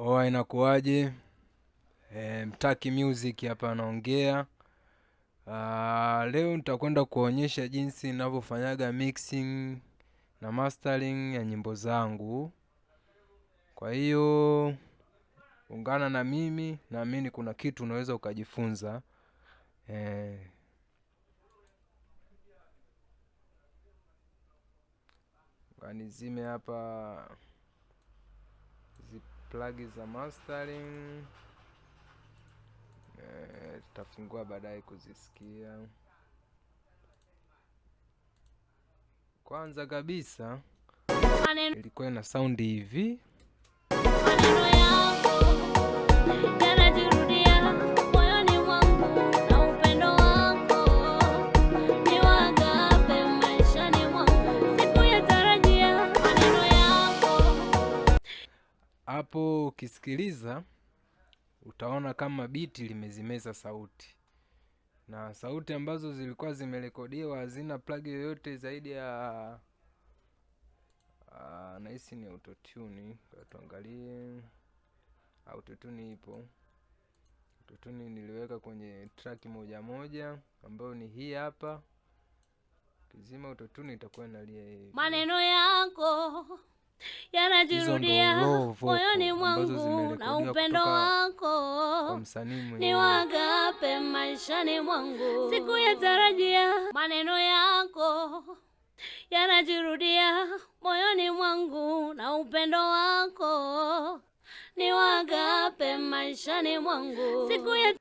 Oa, inakuwaje? E, Mtaki Music hapa anaongea. Ah, leo nitakwenda kuonyesha jinsi ninavyofanyaga mixing na mastering ya nyimbo zangu. Kwa hiyo ungana na mimi, naamini kuna kitu unaweza ukajifunza. E, eh. nizime hapa plug za mastering e, baadaye kuzisikia. Kwanza kabisa ilikuwa na saundi hivi. hapo ukisikiliza utaona kama biti limezimeza sauti na sauti ambazo zilikuwa zimerekodiwa hazina plagi yoyote zaidi ya ah, nahisi ni autotuni tuangalie autotuni ipo autotuni niliweka kwenye traki moja moja ambayo ni hii hapa kizima autotuni itakuwa inalia maneno yako yanajirudia moyoni mwangu na upendo wako ni wagape maishani mwangu, siku ya tarajia maneno yako yanajirudia moyoni mwangu na upendo wako ni wagape maishani mwangu siku ya...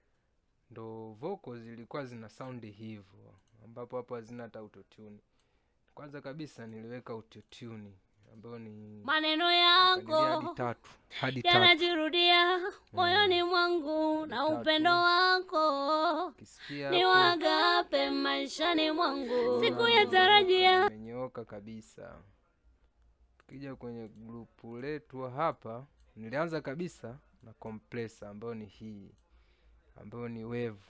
ndo voko zilikuwa zina saundi hivyo, ambapo hapo hazina hata utotuni. Kwanza kabisa niliweka utotuni ambayo ni maneno yako yanajirudia mm. moyoni mwangu na upendo wako ni wagape maishani mwangu siku ya tarajia menyeoka kabisa. Tukija kwenye grupu letu hapa, nilianza kabisa na compressor ambayo ni hii ambayo ni wave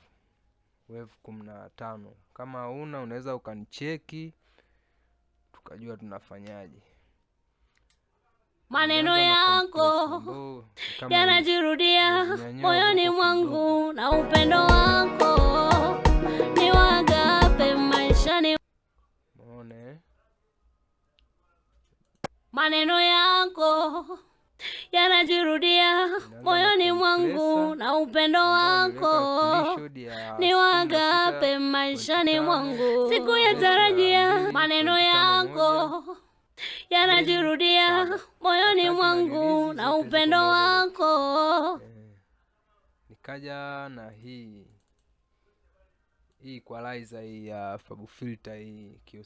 wave kumi na tano. Kama una unaweza ukanicheki tukajua tunafanyaje maneno yako yanajirudia moyoni mwangu na upendo wako ni wagape maishani. Eh? Maneno yako yanajirudia moyoni mwangu na upendo wako ni wagape maishani mwangu, siku ya tarajia maneno yako yanajirudia moyoni mwangu na upendo wako. Eh, nikaja na hii hii equalizer hii ya Fabu hii q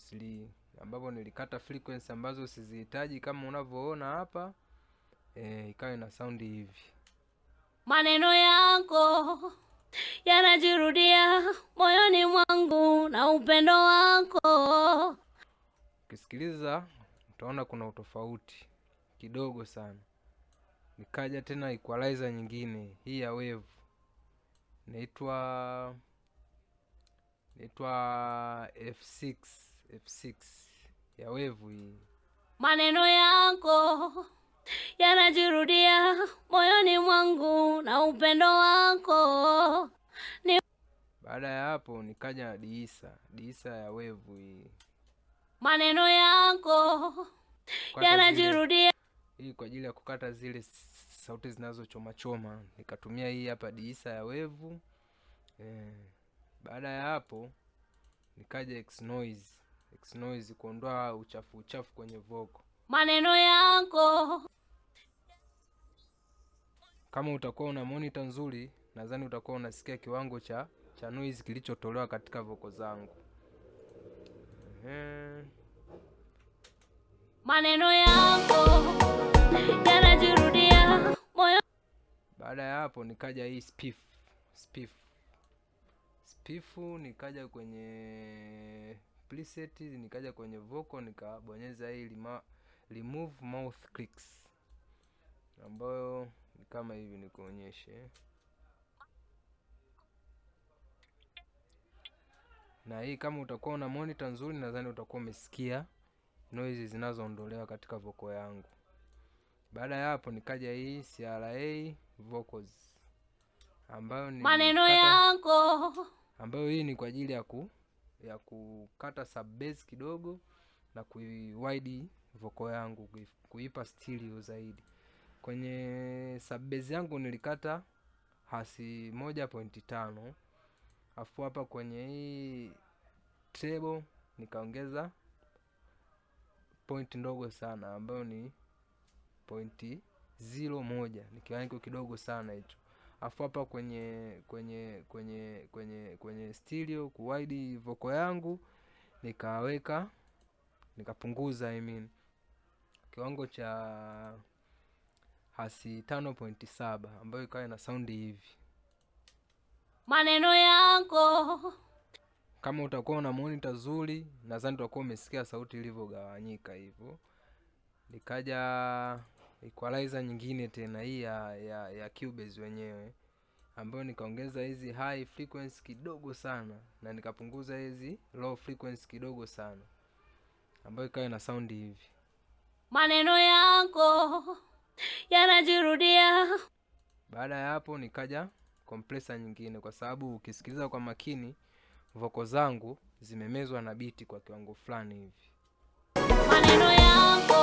ambapo nilikata frequency ambazo sizihitaji kama unavyoona hapa e, ikawa ina saundi hivi. Maneno yako yanajirudia moyoni mwangu na upendo wako. Ukisikiliza utaona kuna utofauti kidogo sana. Nikaja tena equalizer nyingine hii ya wevu inaitwa inaitwa F6 F6 ya wevu hii. Maneno yako yanajirudia moyoni mwangu na upendo wako ni... Baada ya hapo nikaja diisa diisa ya wevu hii maneno yako yanajirudia. Hii kwa ajili ya kukata zile sauti zinazochomachoma, nikatumia hii hapa diisa ya wevu eh. Baada ya hapo nikaja X noise, X noise kuondoa uchafu uchafu kwenye voko maneno yako. Kama utakuwa una monitor nzuri, nadhani utakuwa unasikia kiwango cha cha noise kilichotolewa katika voko zangu. Maneno yako yanajirudia moyo. Baada ya hapo nikaja hii spiff spiff spiffu, nikaja kwenye preset, nikaja kwenye vocal, nikabonyeza hii lima, remove mouth clicks ambayo ni kama hivi nikuonyeshe na hii kama utakuwa una monitor nzuri, nadhani utakuwa umesikia noise zinazoondolewa katika vocal yangu. Baada ya hapo nikaja hii CRA vocals ambayo ni maneno yako ambayo hii ni kwa ajili ya ku ya kukata sub bass kidogo na kuiwide vocal yangu kuipa stereo zaidi. Kwenye sub bass yangu nilikata hasi moja pointi tano. Afu hapa kwenye hii table nikaongeza point ndogo sana ambayo ni pointi ziro moja, ni kiwango kidogo sana hicho. Afu hapa kwenye kwenye kwenye kwenye kwenye stereo kuwaidi voko yangu nikaweka nikapunguza I mean kiwango cha hasi tano pointi saba ambayo ikawa ina saundi hivi maneno yako. Kama utakuwa una monitor nzuri, nadhani utakuwa umesikia sauti ilivyogawanyika hivyo. Nikaja equalizer nyingine tena hii ya, ya, ya Cubase wenyewe ambayo nikaongeza hizi high frequency kidogo sana na nikapunguza hizi low frequency kidogo sana ambayo ikawa na sound hivi. Maneno yako yanajirudia. Baada ya hapo nikaja kompresa nyingine, kwa sababu ukisikiliza kwa makini voko zangu zimemezwa na biti kwa kiwango fulani hivi. Maneno yako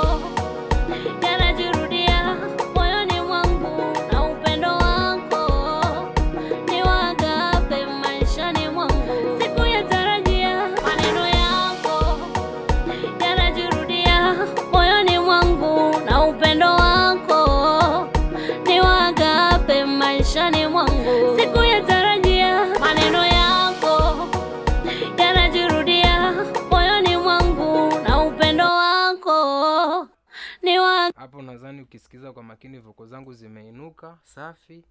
ukisikiza kwa makini voko zangu zimeinuka safi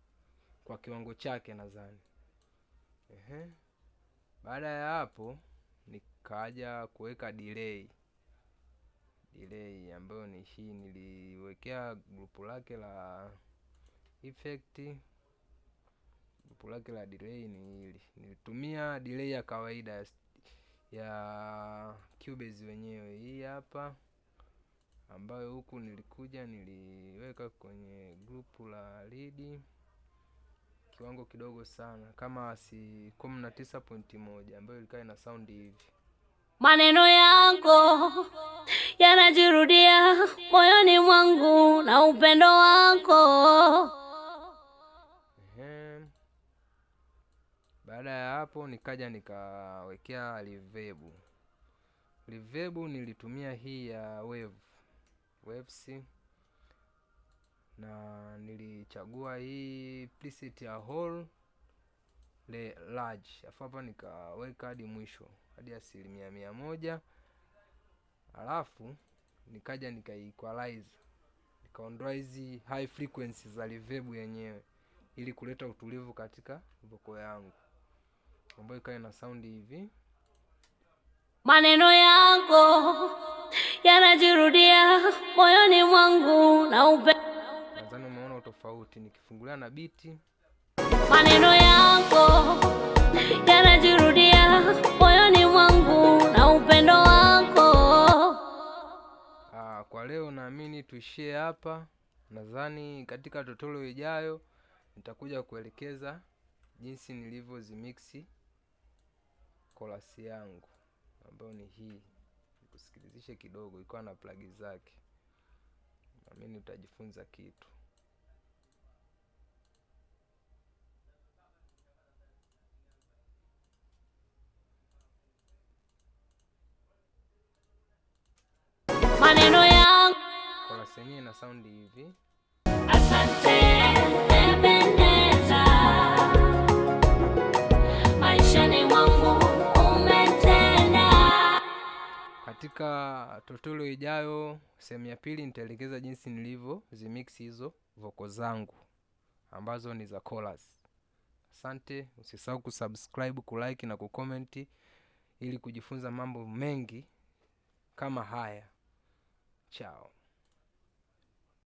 kwa kiwango chake nadhani. Ehe. Baada ya hapo nikaja kuweka delay. Delay ambayo ni hii niliwekea grupu lake la effect. Grupu lake la delay ni hili. Nilitumia delay ya kawaida ya Cubase wenyewe hii hapa ambayo huku nilikuja niliweka kwenye grupu la lidi kiwango kidogo sana kama si kumi na tisa pointi moja ambayo ilikuwa ina saundi hivi maneno yako yanajirudia moyoni mwangu na upendo wako. Baada ya hapo nikaja nikawekea livebu. Livebu nilitumia hii ya wevu waves na nilichagua hii preset ya whole le large, alafu hapa nikaweka hadi mwisho hadi asilimia mia moja, alafu nikaja nikaequalize, nikaondoa hizi high frequency za reverb yenyewe ili kuleta utulivu katika voko yangu ambayo ikawa na saundi hivi maneno yako yanajirudia moyoni mwangu na upendo. Nadhani umeona utofauti nikifungulia na biti, maneno yako yanajirudia moyoni mwangu na upendo wako. Aa, ah, kwa leo naamini tuishie hapa. Nadhani katika totolo ijayo nitakuja kuelekeza jinsi nilivyozimiksi kolasi yangu ambayo ni hii nikusikilizishe kidogo, ikiwa na plagi zake, naamini utajifunza kitu. Maneno yangu kwa senye na saundi hivi. Asante. Katika tutorial ijayo sehemu ya pili nitaelekeza jinsi nilivyo zimix hizo voko zangu ambazo ni za chorus. Asante, usisahau kusubscribe, kulike na kukomenti ili kujifunza mambo mengi kama haya. Chao.